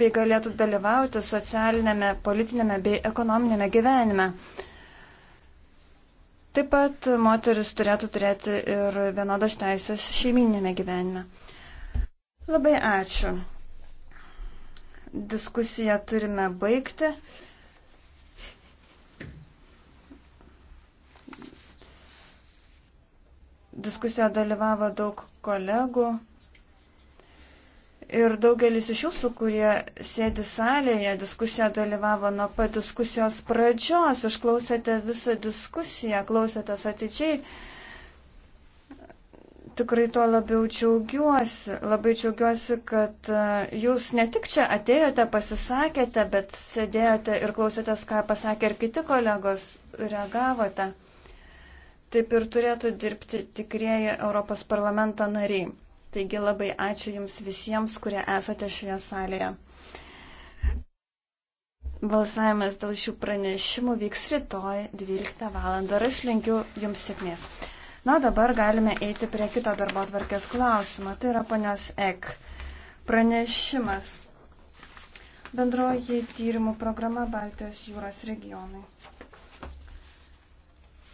bei galėtų dalyvauti socialinėme, politinėme bei ekonominėme gyvenime. Taip pat moteris turėtų turėti ir vienodas teisės šeiminėme gyvenime. Labai ačiū. Diskusiją turime baigti. Diskusijoje dalyvavo daug kolegų. Ir daugelis iš jūsų, kurie sėdi salėje, diskusijoje dalyvavo nuo pat diskusijos pradžios, išklausėte visą diskusiją, klausėtės atidžiai. Tikrai tuo labiau džiaugiuosi. Labai džiaugiuosi, kad e, jūs ne tik čia atėjote, pasisakėte, bet sėdėjote ir klausėtės, ką pasakė ir kiti kolegos, reagavote. Taip ir turėtų dirbti tikrieji Europos parlamento nariai. Taigi labai ačiū Jums visiems, kurie esate šioje salėje. Balsavimas dėl šių pranešimų vyks rytoj 12 val. ir aš linkiu Jums sėkmės. Na, dabar galime eiti prie kito darbo atvarkės klausimo. Tai yra ponios Ek. Pranešimas. Bendroji tyrimų programa Baltijos jūros regionai.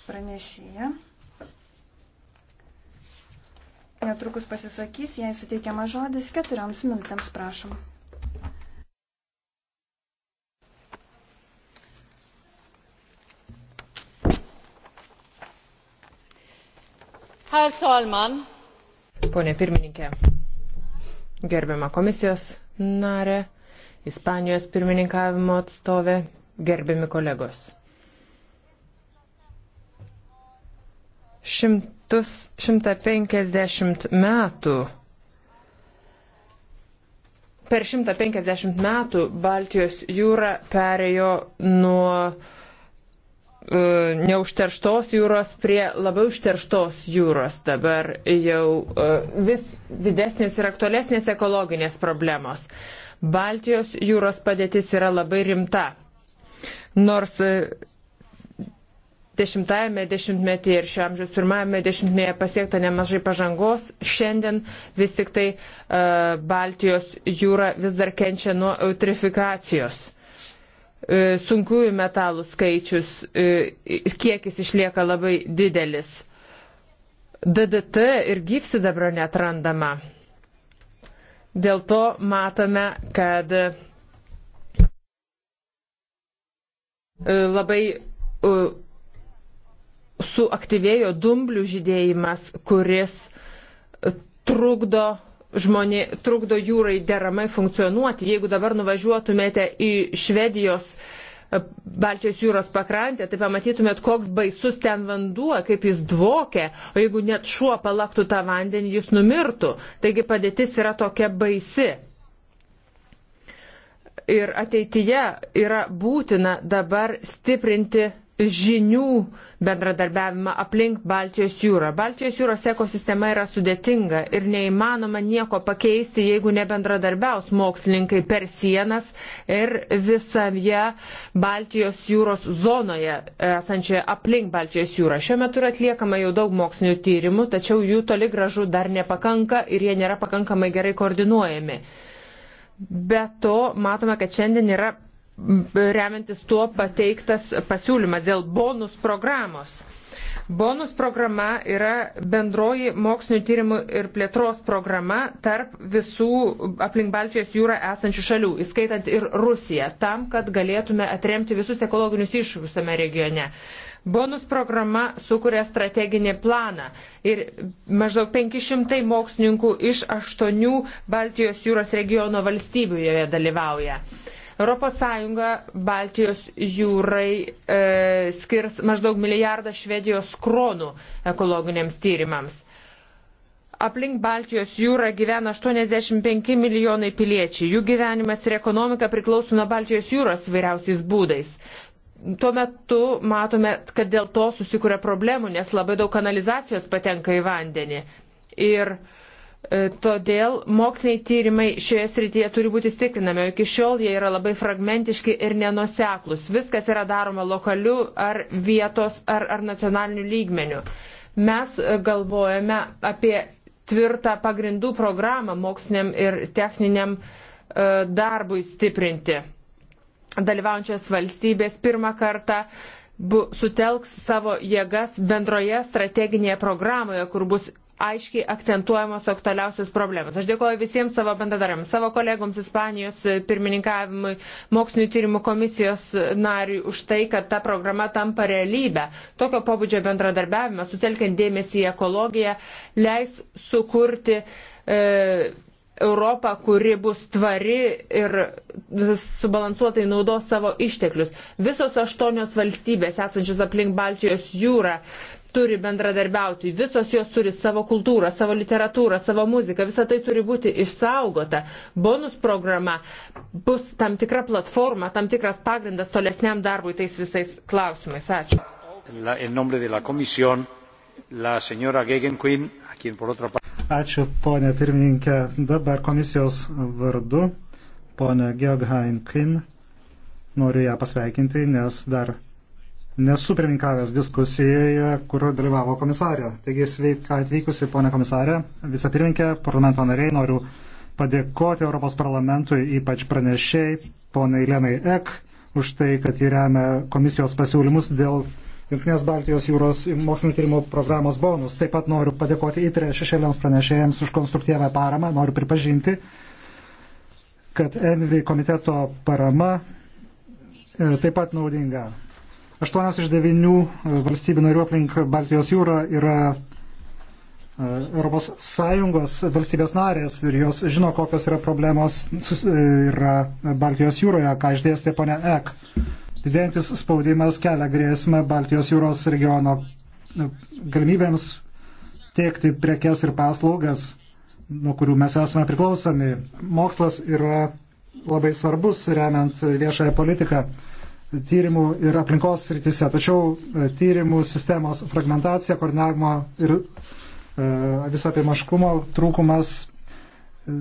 Pranešėja netrukus pasisakys, jai suteikiama žodis keturioms minutėms, prašom. Herr talman. Pone pirmininkė, gerbiama komisijos narė, Ispanijos pirmininkavimo atstovė, gerbiami kolegos. Šimt 150 metų. Per 150 metų Baltijos jūra perėjo nuo e, neužterštos jūros prie labiau užterštos jūros. Dabar jau e, vis didesnės ir aktualesnės ekologinės problemos. Baltijos jūros padėtis yra labai rimta. Nors e, Dešimtajame dešimtmetyje ir šio amžiaus pirmajame dešimtmetyje pasiekta nemažai pažangos. Šiandien vis tik tai e, Baltijos jūra vis dar kenčia nuo eutrifikacijos e, sunkiųjų metalų skaičius, e, kiekis išlieka labai didelis. DDT ir gyvsidabro netrandama. Dėl to matome, kad labai suaktyvėjo dumblių žydėjimas, kuris trukdo žmonė, trukdo jūrai deramai funkcionuoti. Jeigu dabar nuvažiuotumėte į Švedijos e, Baltijos jūros pakrantę, tai pamatytumėt, koks baisus ten vanduo, kaip jis dvokia, o jeigu net šuo palaktų tą vandenį, jis numirtų. Taigi padėtis yra tokia baisi. Ir ateityje yra būtina dabar stiprinti žinių bendradarbiavimą aplink Baltijos jūrą. Baltijos jūros ekosistema yra sudėtinga ir neįmanoma nieko pakeisti, jeigu nebendradarbiaus mokslininkai per sienas ir visoje Baltijos jūros zonoje esančioje aplink Baltijos jūrą. Šiuo metu yra atliekama jau daug mokslinių tyrimų, tačiau jų toli gražu dar nepakanka ir jie nėra pakankamai gerai koordinuojami. Be to, matome, kad šiandien yra remiantis tuo pateiktas pasiūlymas dėl bonus programos. Bonus programa yra bendroji mokslinio tyrimų ir plėtros programa tarp visų aplink Balčijos jūrą esančių šalių, įskaitant ir Rusiją, tam, kad galėtume atremti visus ekologinius iššūkius tame regione. Bonus programa sukuria strateginį planą ir maždaug 500 mokslininkų iš aštuonių Baltijos jūros regiono valstybių joje dalyvauja. Uh, ES Baltijos jūrai e, skirs maždaug milijardą Švedijos kronų ekologiniams tyrimams. Aplink Baltijos jūrą gyvena 85 milijonai piliečiai. Jų gyvenimas ir ekonomika priklauso nuo Baltijos jūros vairiausiais būdais tuo metu matome, kad dėl to susikuria problemų, nes labai daug kanalizacijos patenka į vandenį. Ir uh, E, todėl moksliniai tyrimai šioje srityje turi būti stiprinami. Iki šiol jie yra labai fragmentiški ir nenuseklus. Viskas yra daroma lokaliu ar vietos ar, ar nacionaliniu lygmeniu. Mes e, galvojame apie tvirtą pagrindų programą moksliniam ir techniniam e, darbui stiprinti. Dalyvaujančios valstybės pirmą kartą bu, sutelks savo jėgas bendroje strateginėje programoje, kur bus aiškiai akcentuojamos aktualiausios problemos. Aš dėkoju visiems savo bendradarams, savo kolegoms Ispanijos pirmininkavimui, mokslinio tyrimų komisijos nariui už tai, kad ta programa tampa realybę. Tokio pobūdžio bendradarbiavimas, sutelkiant dėmesį į ekologiją, leis sukurti e, Europą, kuri bus tvari ir subalansuotai naudos savo išteklius. Visos aštuonios valstybės esančios aplink Baltijos jūrą turi bendradarbiauti, visos jos turi savo kultūrą, savo literatūrą, savo muziką, visa tai turi būti išsaugota. Bonus programa bus tam tikra platforma, tam tikras pagrindas tolesniam darbui tais visais klausimais. Ačiū. La, Ačiū, ponė pirmininkė. Dabar komisijos vardu, ponė Geoghain Kin, noriu ją pasveikinti, nes dar nesu pirmininkavęs diskusijoje, kur dalyvavo komisarė. Taigi sveika atvykusi, ponė komisarė, vicepirmininkė, parlamento nariai, noriu padėkoti Europos parlamentui, ypač pranešėjai, ponai Lenai Ek, už tai, kad jį remia komisijos pasiūlymus dėl Junktinės Baltijos jūros mokslinio tyrimo programos bonus. Taip pat noriu padėkoti įtrė šešėliams pranešėjams už konstruktyvę paramą. Noriu pripažinti, kad Envi komiteto parama e, taip pat naudinga. Aštuonios iš devinių e, valstybių narių aplink Baltijos jūrą yra ES valstybės narės ir jos žino, kokios yra problemos e, yra Baltijos jūroje, ką išdėstė ponia Ek. Didėjantis spaudimas kelia grėsmę Baltijos jūros regiono e, galimybėms tiekti prekes ir paslaugas, nuo kurių mes esame priklausomi. Mokslas yra labai svarbus, remiant viešąją politiką tyrimų ir aplinkos srityse. Tačiau e, tyrimų sistemos fragmentacija, koordinavimo ir e, visapie maškumo trūkumas e,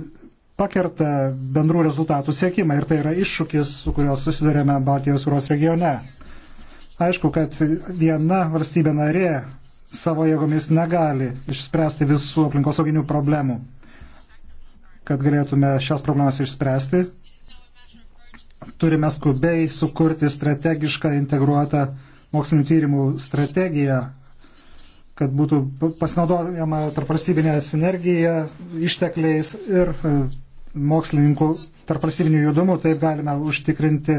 pakerta bendrų rezultatų siekimą ir tai yra iššūkis, su kuriuo susidurėme Baltijos jūros regione. Aišku, kad viena valstybė narė savo jėgomis negali išspręsti visų aplinkosauginių problemų. Kad galėtume šias problemas išspręsti, turime skubiai sukurti strategišką integruotą mokslinių tyrimų strategiją, kad būtų pasinaudojama tarp valstybinė sinergija, ištekliais ir e, mokslininkų tarp valstybinių judumų, taip galime užtikrinti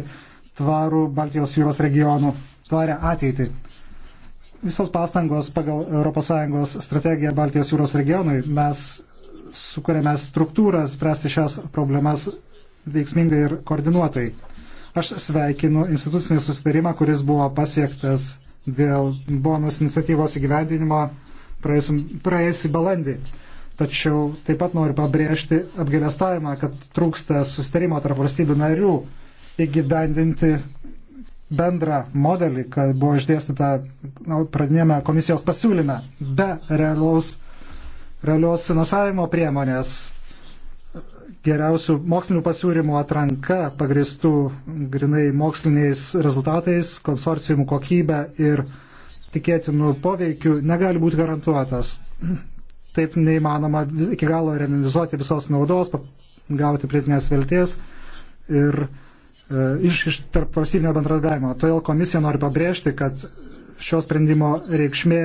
tvarų Baltijos jūros regionų tvarę ateitį. Visos pastangos pagal ES strategiją Baltijos jūros regionui mes sukūrėme struktūrą spręsti šias problemas veiksmingai ir koordinuotai. Aš sveikinu institucinį susitarimą, kuris buvo pasiektas dėl bonus iniciatyvos įgyvendinimo praėjusį balandį. Tačiau taip pat noriu pabrėžti apgailestavimą, kad trūksta sustarimo tarp valstybių narių įgyvendinti bendrą modelį, kad buvo išdėstyta na, pradinėme komisijos pasiūlyme be realaus, realios finansavimo priemonės geriausių mokslinių pasiūlymų atranka pagristų grinai moksliniais rezultatais, konsorciumų kokybę ir tikėtinų poveikių negali būti garantuotas taip neįmanoma iki galo realizuoti visos naudos, gauti prietinės vilties ir e, iš, iš tarp valstybinio bendradarbiavimo. Todėl komisija nori pabrėžti, kad šio sprendimo reikšmė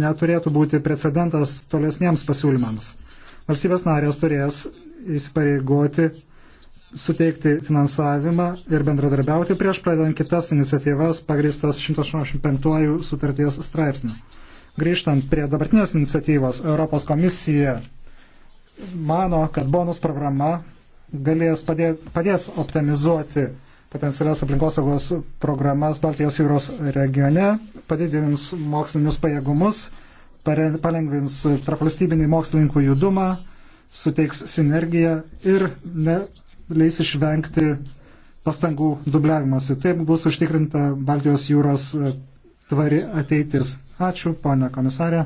neturėtų būti precedentas tolesniems pasiūlymams. Valstybės narės turės įsipareigoti suteikti finansavimą ir bendradarbiauti prieš pradedant kitas iniciatyvas pagristas 185 sutarties straipsnių. Grįžtant prie dabartinės iniciatyvos, Europos komisija mano, kad bonus programa galės padė, padės optimizuoti potencialias aplinkosaugos programas Baltijos jūros regione, padidins mokslinius pajėgumus, palengvins tarpvalstybinį mokslininkų judumą, suteiks sinergiją ir ne, leis išvengti pastangų dubliavimuose. Taip bus užtikrinta Baltijos jūros tvari ateitis. Ačiū, ponia komisarė.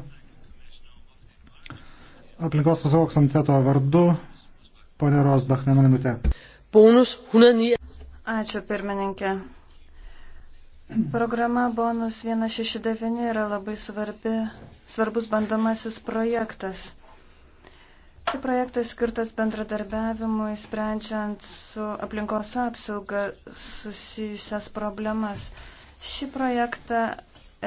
Aplinkos apsaugos komiteto vardu, ponia Rosbach, vieną minutę. Paunus, hunanija. Ačiū, pirmininkė. Programa Bonus 169 yra labai svarbi, svarbus bandomasis projektas. Tai projektas skirtas bendradarbiavimui, sprendžiant su aplinkos apsauga susijusias problemas. Šį projektą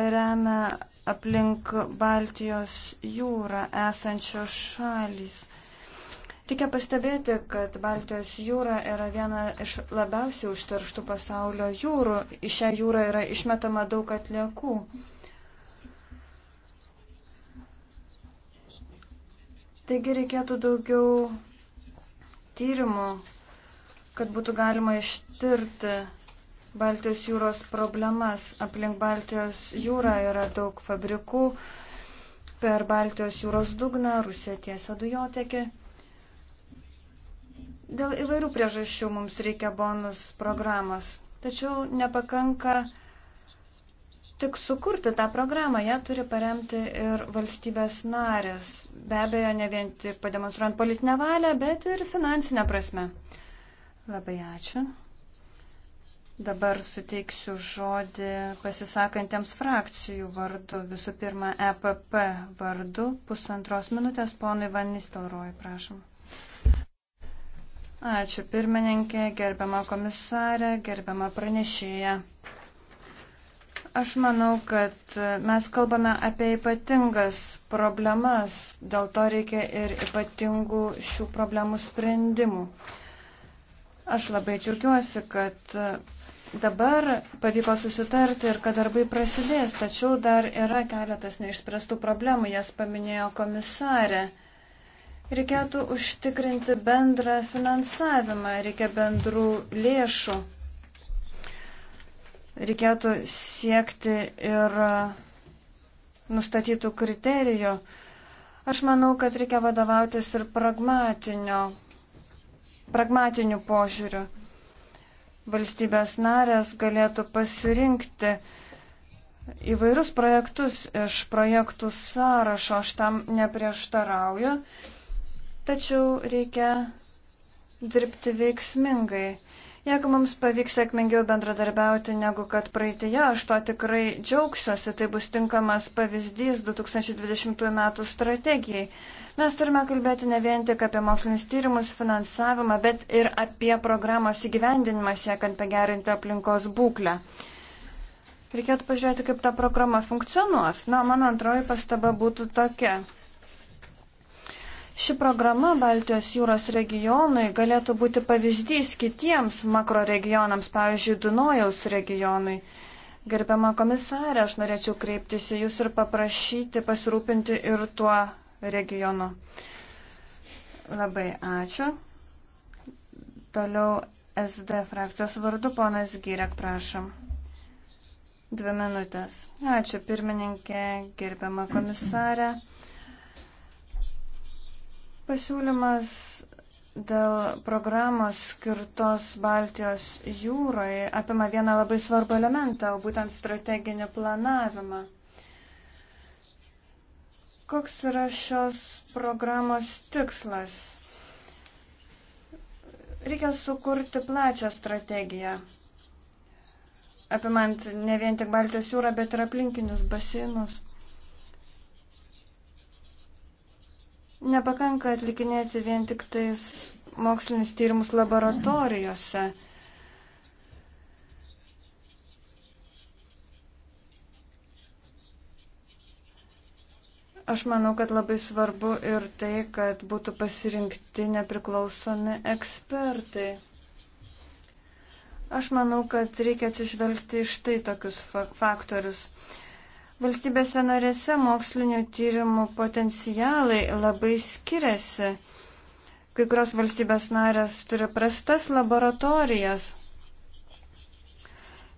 remia aplink Baltijos jūrą esančios šalys. Reikia pastebėti, kad Baltijos jūra yra viena iš labiausiai užterštų pasaulio jūrų. Į šią jūrą yra išmetama daug atliekų. Taigi reikėtų daugiau tyrimų, kad būtų galima ištirti Baltijos jūros problemas. Aplink Baltijos jūrą yra daug fabrikų. Per Baltijos jūros dugną Rusija tiesia dujotekį. Dėl įvairių priežasčių mums reikia bonus programos. Tačiau nepakanka tik sukurti tą programą, ją turi paremti ir valstybės narės. Be abejo, ne vien tik pademonstruojant politinę valią, bet ir finansinę prasme. Labai ačiū. Dabar suteiksiu žodį pasisakantiems frakcijų vardu. Visų pirma, EPP vardu. Pusantros minutės, ponai Van Nistelrooy, prašom. Ačiū pirmininkė, gerbiama komisarė, gerbiama pranešėja. Aš manau, kad mes kalbame apie ypatingas problemas, dėl to reikia ir ypatingų šių problemų sprendimų. Aš labai džiaugiuosi, kad Dabar pavyko susitarti ir kad darbai prasidės, tačiau dar yra keletas neišspręstų problemų, jas paminėjo komisarė. Reikėtų užtikrinti bendrą finansavimą, reikia bendrų lėšų. Reikėtų siekti ir nustatytų kriterijų. Aš manau, kad reikia vadovautis ir pragmatinio, pragmatiniu požiūriu valstybės narės galėtų pasirinkti įvairius projektus iš projektų sąrašo, aš tam neprieštarauju, tačiau reikia dirbti veiksmingai. Jeigu mums pavyks sėkmingiau bendradarbiauti negu kad praeitėje, aš to tikrai džiaugsiuosi, tai bus tinkamas pavyzdys 2020 m. strategijai. Mes turime kalbėti ne vien tik apie mokslinis tyrimus, finansavimą, bet ir apie programos įgyvendinimą siekant pagerinti aplinkos būklę. Reikėtų pažiūrėti, kaip ta programa funkcionuos. Na, mano antroji pastaba būtų tokia. Ši programa Baltijos jūros regionui galėtų būti pavyzdys kitiems makroregionams, pavyzdžiui, Dunojaus regionui. Gerbiama komisarė, aš norėčiau kreiptis į Jūs ir paprašyti pasirūpinti ir tuo regionu. Labai ačiū. Toliau SD frakcijos vardu ponas Gyrek, prašom. Dvi minutės. Ačiū pirmininkė, gerbiama komisarė. Mm -hmm. Pasiūlymas dėl programos skirtos Baltijos jūroje apima vieną labai svarbų elementą, o būtent strateginį planavimą. Koks yra šios programos tikslas? Reikia sukurti plačią strategiją, apimant ne vien tik Baltijos jūrą, bet ir aplinkinius baseinus. Nepakanka atlikinėti vien tik tais mokslinius tyrimus laboratorijose. Aš manau, kad labai svarbu ir tai, kad būtų pasirinkti nepriklausomi ekspertai. Aš manau, kad reikia atsižvelgti iš tai tokius faktorius. Valstybėse narėse mokslinio tyrimų potencialai labai skiriasi. Kai kurios valstybės narės turi prastas laboratorijas.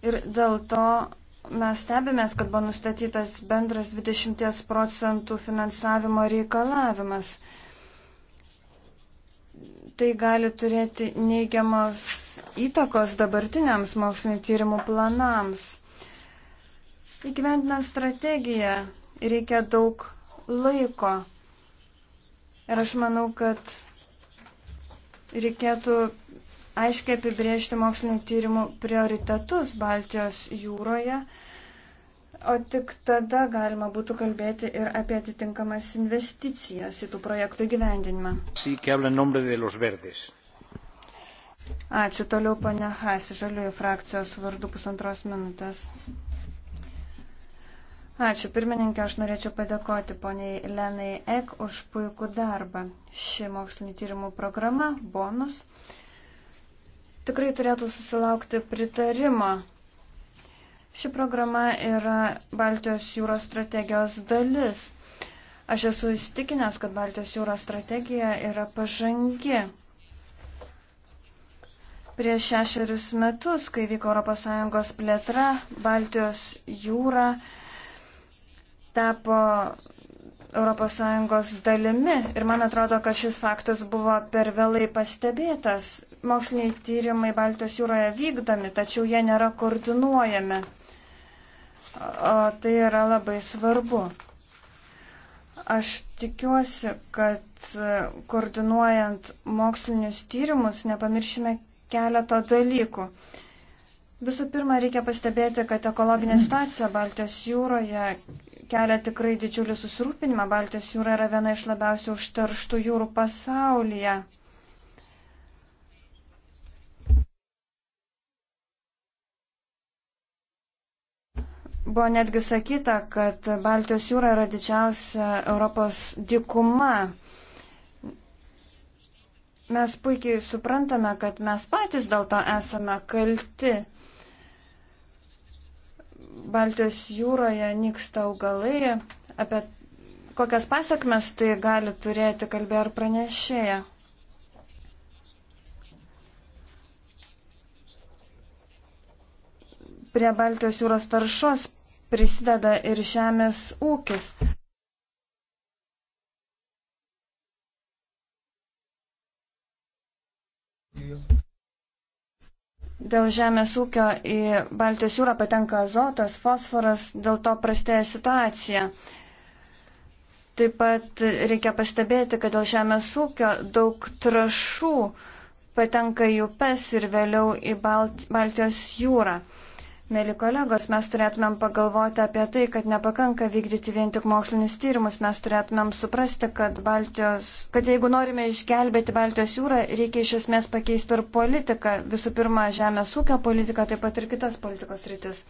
Ir dėl to mes stebimės, kad buvo nustatytas bendras 20 procentų finansavimo reikalavimas. Tai gali turėti neigiamos įtakos dabartiniams mokslinio tyrimų planams. Įgyvendinant strategiją reikia daug laiko. Ir aš manau, kad reikėtų aiškiai apibriežti mokslinio tyrimų prioritetus Baltijos jūroje, o tik tada galima būtų kalbėti ir apie atitinkamas investicijas į tų projektų gyvendinimą. Ačiū toliau, ponia Hasi, žaliųjų frakcijos vardu pusantros minutės. Ačiū, pirmininkė, aš norėčiau padėkoti poniai Lenai Ek už puikų darbą. Ši mokslinio tyrimų programa, bonus, tikrai turėtų susilaukti pritarimo. Ši programa yra Baltijos jūros strategijos dalis. Aš esu įstikinęs, kad Baltijos jūros strategija yra pažangi prieš šešerius metus, kai vyko ES plėtra, Baltijos jūra tapo ES dalimi ir man atrodo, kad šis faktas buvo per vėlai pastebėtas. Moksliniai tyrimai Baltijos jūroje vykdomi, tačiau jie nėra koordinuojami. O tai yra labai svarbu. Aš tikiuosi, kad koordinuojant mokslinius tyrimus nepamiršime keletą dalykų. Visų pirma, reikia pastebėti, kad ekologinė situacija Baltijos jūroje kelia tikrai didžiulį susirūpinimą. Baltijos jūra yra viena iš labiausiai užterštų jūrų pasaulyje. Buvo netgi sakyta, kad Baltijos jūra yra didžiausia Europos dikuma. Mes puikiai suprantame, kad mes patys dėl to esame kalti. Baltijos jūroje nyksta augalai, apie kokias pasiekmes tai gali turėti kalbė ar pranešėja. Prie Baltijos jūros taršos prisideda ir žemės ūkis. dėl žemės ūkio į Baltijos jūrą patenka azotas, fosforas, dėl to prastėja situacija. Taip pat reikia pastebėti, kad dėl žemės ūkio daug trašų patenka į upes ir vėliau į Balt Baltijos jūrą. Mėly kolegos, mes turėtumėm pagalvoti apie tai, kad nepakanka vykdyti vien tik mokslinius tyrimus, mes turėtumėm suprasti, kad, Baltijos, kad jeigu norime išgelbėti Baltijos jūrą, reikia iš esmės pakeisti ir politiką, visų pirma, žemės ūkio politiką, taip pat ir kitas politikos rytis.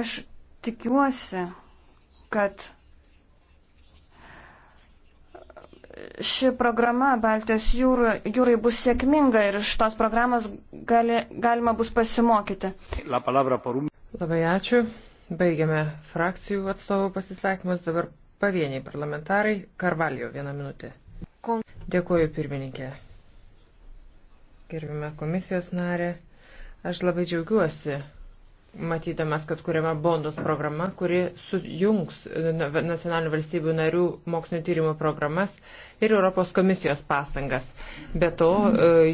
Aš tikiuosi, kad ši programa Baltijos jūrų, jūrai bus sėkminga ir iš tos programos gali, galima bus pasimokyti. Labai ačiū. Baigiame frakcijų atstovų pasisakymus. Dabar pavieniai parlamentarai. Karvalijo vieną minutę. Dėkuoju pirmininkė. Gerbime komisijos narė. Aš labai džiaugiuosi matydamas, kad kuriama bondos programa, kuri sujungs e, nacionalinių valstybių narių mokslinio tyrimo programas ir Europos komisijos pastangas. Be to, e,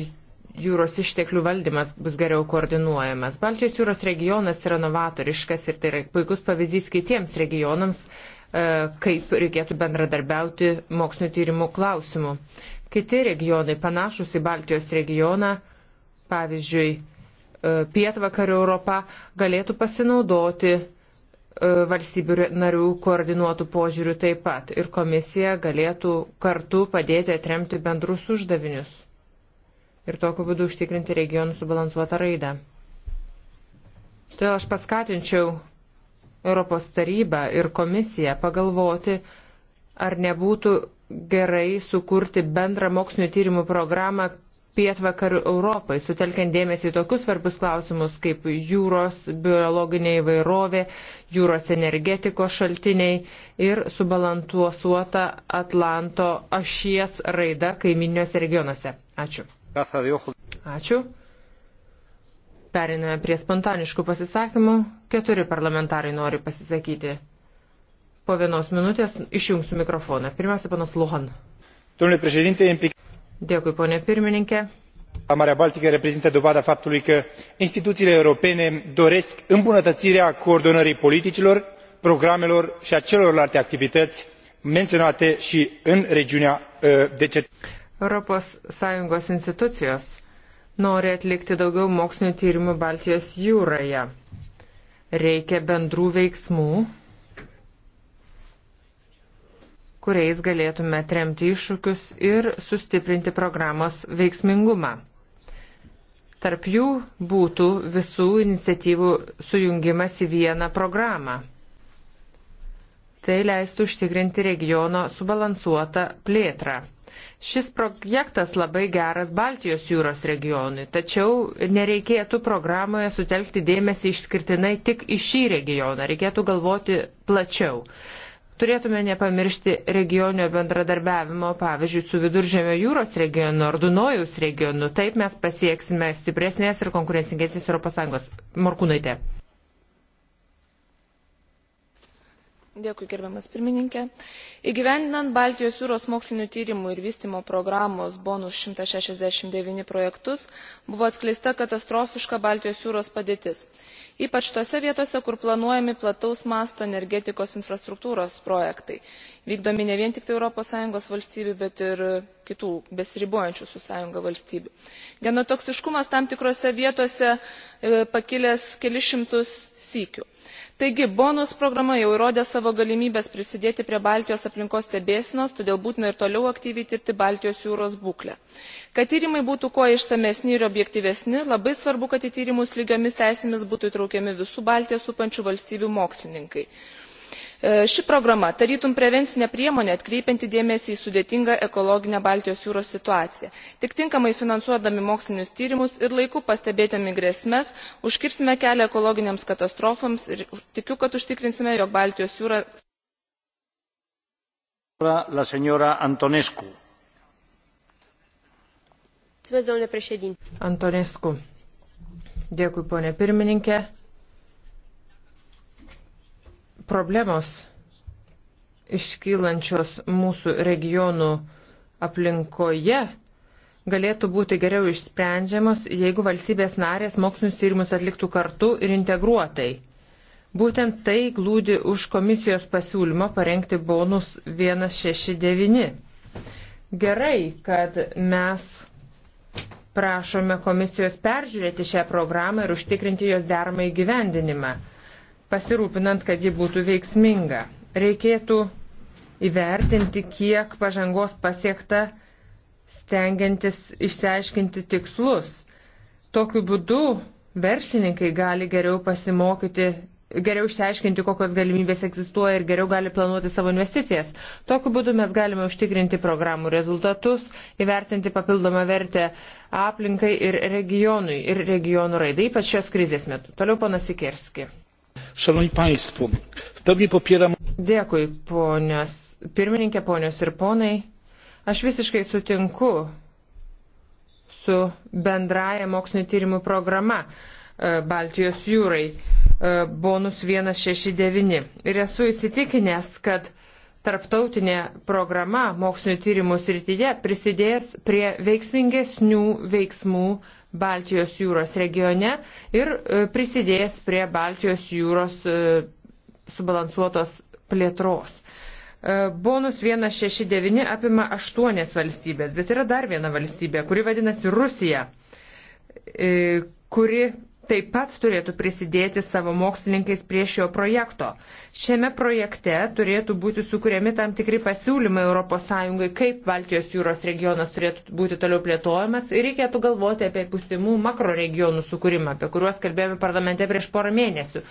jūros išteklių valdymas bus geriau koordinuojamas. Baltijos jūros regionas yra novatoriškas ir tai yra puikus pavyzdys kitiems regionams, e, kaip reikėtų bendradarbiauti mokslinio tyrimų klausimų. Kiti regionai panašus į Baltijos regioną, pavyzdžiui, E, pietvakarių Europa galėtų pasinaudoti e, valstybių narių koordinuotų požiūrių taip pat ir komisija galėtų kartu padėti atremti bendrus uždavinius ir tokiu būdu užtikrinti regionų subalansuotą raidą. Todėl aš paskatinčiau Europos tarybą ir komisiją pagalvoti, ar nebūtų gerai sukurti bendrą mokslinio tyrimų programą pietvakarių Europai, sutelkiant dėmesį į tokius svarbus klausimus kaip jūros biologinė įvairovė, jūros energetikos šaltiniai ir subalansuota Atlanto ašies raida kaiminiuose regionuose. Ačiū. Ačiū. Periname prie spontaniškų pasisakymų. Keturi parlamentarai nori pasisakyti. Po vienos minutės išjungsiu mikrofoną. Pirmiausia, panas Luhan. Dėkui, ponė pirmininkė. Marea Baltică reprezintă dovada faptului că instituțiile europene doresc îmbunătățirea coordonării politicilor, programelor și a celorlalte activități menționate și în regiunea de cercetare. ES institucijos nori atlikti daugiau mokslinio tyrimų Baltijos jūroje. Reikia bendrų veiksmų kuriais galėtume tremti iššūkius ir sustiprinti programos veiksmingumą. Tarp jų būtų visų iniciatyvų sujungimas į vieną programą. Tai leistų užtikrinti regiono subalansuotą plėtrą. Šis projektas labai geras Baltijos jūros regionui, tačiau nereikėtų programoje sutelkti dėmesį išskirtinai tik į šį regioną, reikėtų galvoti plačiau. Turėtume nepamiršti regioninio bendradarbiavimo, pavyzdžiui, su Viduržėmio jūros regionu ar Dunojaus regionu. Taip mes pasieksime stipresnės ir konkurencingesnės ES. Morkūnaitė. Dėkui, gerbiamas pirmininkė. Įgyvendinant Baltijos jūros mokslinių tyrimų ir vystimo programos bonus 169 projektus, buvo atskleista katastrofiška Baltijos jūros padėtis, ypač tose vietose, kur planuojami plataus masto energetikos infrastruktūros projektai, vykdomi ne vien tik tai ES valstybių, bet ir kitų besiribojančių su sąjunga valstybių. Genotoksiškumas tam tikrose vietose e, pakilęs kelišimtus sykių taigi bonos programa jau įrodė savo galimybes prisidėti prie baltijos aplinkos stebėsenos todėl būtina ir toliau aktyviai tirti baltijos jūros būklę. kad tyrimai būtų kuo išsamesni ir objektyvesni labai svarbu kad į tyrimus lygiomis teisėmis būtų įtraukiami visų baltiją supančių valstybių mokslininkai. E, ši programa tarytum prevencinė priemonė atkreipianti dėmesį į sudėtingą ekologinę baltijos jūros situaciją. tik tinkamai finansuodami mokslinius tyrimus ir laiku pastebėdami grėsmes užkirsime kelią ekologinėms katastrofoms ir tikiu kad užtikrinsime jog baltijos jūra Antonescu. Dėkui, ponė pirmininkė problemos iškylančios mūsų regionų aplinkoje galėtų būti geriau išsprendžiamos, jeigu valstybės narės mokslinius tyrimus atliktų kartu ir integruotai. Būtent tai glūdi už komisijos pasiūlymą parengti bonus 169. Gerai, kad mes prašome komisijos peržiūrėti šią programą ir užtikrinti jos deramą įgyvendinimą pasirūpinant, kad ji būtų veiksminga. Reikėtų įvertinti, kiek pažangos pasiekta stengiantis išsiaiškinti tikslus. Tokiu būdu verslininkai gali geriau pasimokyti, geriau išsiaiškinti, kokios galimybės egzistuoja ir geriau gali planuoti savo investicijas. Tokiu būdu mes galime užtikrinti programų rezultatus, įvertinti papildomą vertę aplinkai ir regionui ir regionų raidai, ypač šios krizės metu. Toliau panas Ikerski. Szanowni Państwo, w pełni popieram. Dėkui, ponios. Pirmininkė, ponios ir ponai. Aš visiškai sutinku su bendraja mokslinio tyrimų programa e, Baltijos jūrai e, bonus 169. Ir esu įsitikinęs, kad tarptautinė programa mokslinio tyrimų srityje prisidės prie veiksmingesnių veiksmų Baltijos jūros regione ir e, prisidės prie Baltijos jūros e, subalansuotos plėtros. E, bonus 169 apima 8 valstybės, bet yra dar viena valstybė, kuri vadinasi Rusija, kuri taip pat turėtų prisidėti savo mokslininkais prie šio projekto. Šiame projekte turėtų būti sukūrėmi tam tikri pasiūlymai ES, kaip Baltijos jūros regionas turėtų būti toliau plėtojamas ir reikėtų galvoti apie pusimų makroregionų sukūrimą, apie kuriuos kalbėjome parlamente prieš porą mėnesių.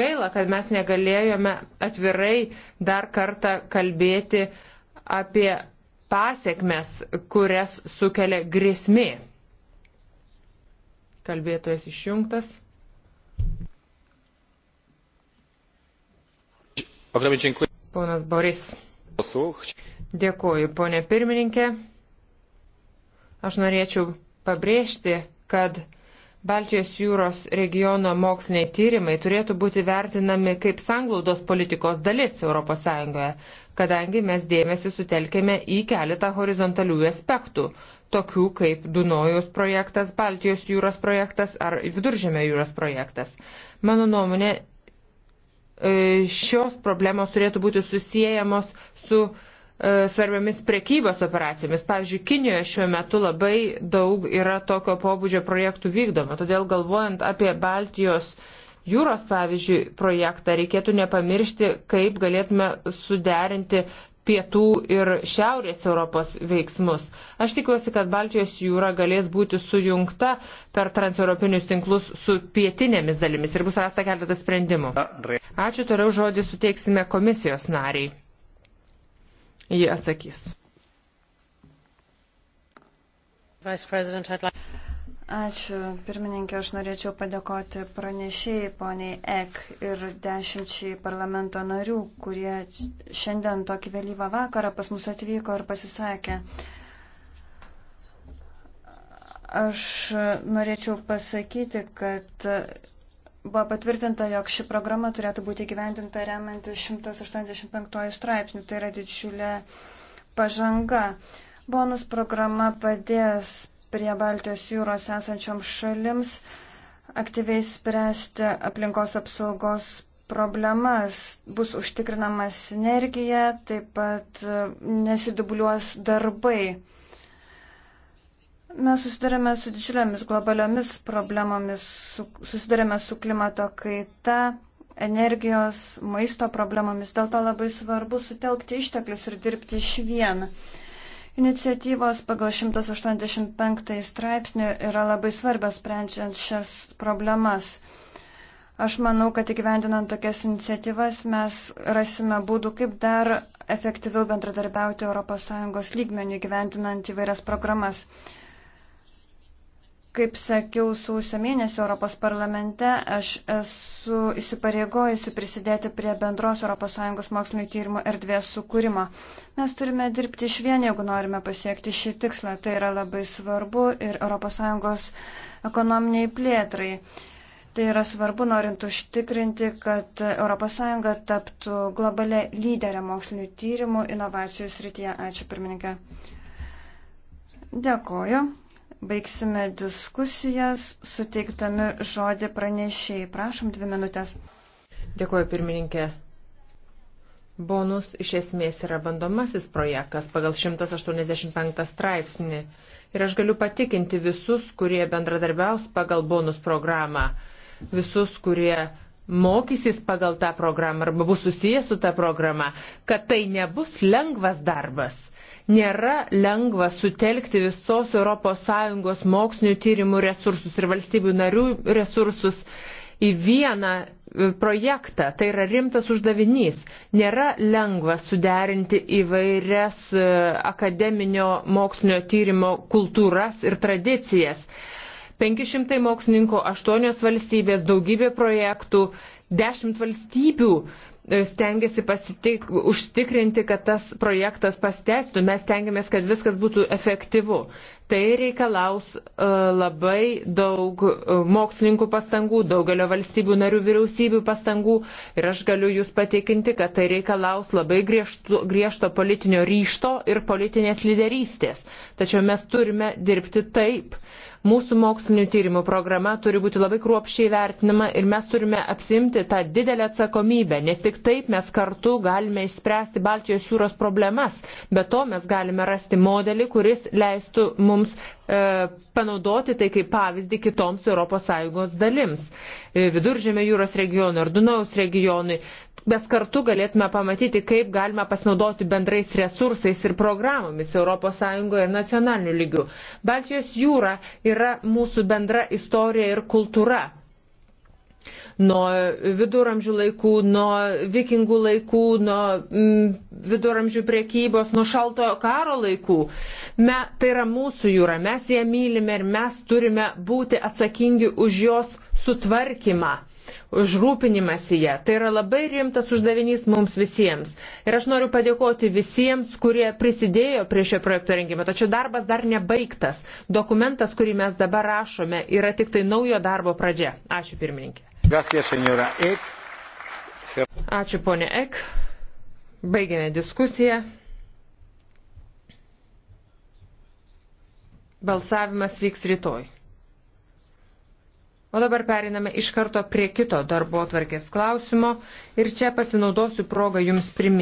Gaila, kad mes negalėjome atvirai dar kartą kalbėti apie pasiekmes, kurias sukelia grėsmė Kalbėtojas išjungtas. Ponas Boris. Dėkuoju, ponė pirmininkė. Aš norėčiau pabrėžti, kad Baltijos jūros regiono moksliniai tyrimai turėtų būti vertinami kaip sanglaudos politikos dalis ES, kadangi mes dėmesį sutelkėme į keletą horizontalių aspektų, tokių kaip Dunojus projektas, Baltijos jūros projektas ar Viduržėmio jūros projektas. Mano nuomonė, e, šios problemos turėtų būti susijęjamos su svarbiamis prekybos operacijomis. Pavyzdžiui, Kinijoje šiuo metu labai daug yra tokio pobūdžio projektų vykdoma. Todėl galvojant apie Baltijos jūros, pavyzdžiui, projektą, reikėtų nepamiršti, kaip galėtume suderinti pietų ir šiaurės Europos veiksmus. Aš tikiuosi, kad Baltijos jūra galės būti sujungta per transeuropinius tinklus su pietinėmis dalimis ir bus rasta keletas sprendimų. Ačiū, toliau žodį suteiksime komisijos nariai ji atsakys. Ačiū, pirmininkė, aš norėčiau padėkoti pranešėjai poniai Ek ir dešimčiai parlamento narių, kurie šiandien tokį vėlyvą vakarą pas mus atvyko ir pasisakė. Aš norėčiau pasakyti, kad buvo patvirtinta, jog ši programa turėtų būti gyvendinta remiantis 185 straipsnių. Tai yra didžiulė pažanga. Bonus programa padės prie Baltijos jūros esančioms šalims aktyviai spręsti aplinkos apsaugos problemas, bus užtikrinama sinergija, taip pat nesidubliuos darbai. Mes susidarėme su didžiulėmis globaliomis problemomis, su, susidarėme su klimato kaita, energijos, maisto problemomis. Dėl to labai svarbu sutelkti išteklius ir dirbti iš vien. Iniciatyvos pagal 185 straipsnį yra labai svarbios sprendžiant šias problemas. Aš manau, kad įgyvendinant tokias iniciatyvas mes rasime būdų, kaip dar efektyviau bendradarbiauti ES lygmenių įgyvendinant įvairias programas. Kaip sakiau, sausio mėnesio Europos parlamente aš esu įsipareigojusi prisidėti prie bendros ES mokslinio tyrimo erdvės sukūrimo. Mes turime dirbti iš vien, jeigu norime pasiekti šį tikslą. Tai yra labai svarbu ir ES ekonominiai plėtrai. Tai yra svarbu norint užtikrinti, kad ES taptų globalė lyderė mokslinio tyrimų inovacijų srityje. Ačiū pirmininkė. Dėkoju. Baigsime diskusijas, suteikdami žodį pranešėjai. Prašom dvi minutės. Dėkuoju, pirmininkė. Bonus iš esmės yra bandomasis projektas pagal 185 straipsnį. Ir aš galiu patikinti visus, kurie bendradarbiaus pagal bonus programą, visus, kurie mokysis pagal tą programą arba bus susijęs su tą programą, kad tai nebus lengvas darbas. Nėra lengva sutelkti visos ES mokslinio tyrimų resursus ir valstybių narių resursus į vieną e, projektą. Tai yra rimtas uždavinys. Nėra lengva suderinti įvairias e, akademinio mokslinio tyrimo kultūras ir tradicijas. 500 mokslininkų, 8 valstybės, daugybė projektų, 10 valstybių stengiasi pasitik, užtikrinti, kad tas projektas pastestų. Mes stengiamės, kad viskas būtų efektyvu. Tai reikalaus e, labai daug e, mokslininkų pastangų, daugelio valstybių narių vyriausybių pastangų ir aš galiu jūs patikinti, kad tai reikalaus labai griežto, griežto politinio ryšto ir politinės lyderystės. Tačiau mes turime dirbti taip. Uh, Mūsų mokslinių tyrimų programa turi būti labai kruopščiai vertinama ir mes turime apsimti tą didelę atsakomybę, nes tik taip mes kartu galime išspręsti Baltijos jūros problemas. Be to mes galime rasti modelį, kuris leistų mums e, panaudoti tai kaip pavyzdį kitoms ES dalims. E, Viduržėmė jūros regionui ar Dunaus regionui mes kartu galėtume pamatyti, kaip galima pasinaudoti bendrais resursais ir programomis ES ir nacionaliniu lygiu. Baltijos jūra yra mūsų bendra istorija ir kultūra. Nuo viduramžių laikų, nuo vikingų laikų, nuo mm, viduramžių priekybos, nuo šaltojo karo laikų. Me, tai yra mūsų jūra, mes ją mylime ir mes turime būti atsakingi už jos sutvarkymą už rūpinimas į ją. Tai yra labai rimtas uždavinys mums visiems. Ir aš noriu padėkoti visiems, kurie prisidėjo prie šio projekto rengimo. Tačiau darbas dar nebaigtas. Dokumentas, kurį mes dabar rašome, yra tik tai naujo darbo pradžia. Ačiū pirmininkė. Gracias, Ačiū ponė Ek. Baigėme diskusiją. Balsavimas vyks rytoj. O dabar periname iš karto prie kito darbo tvarkės klausimo ir čia pasinaudosiu progą jums priminti.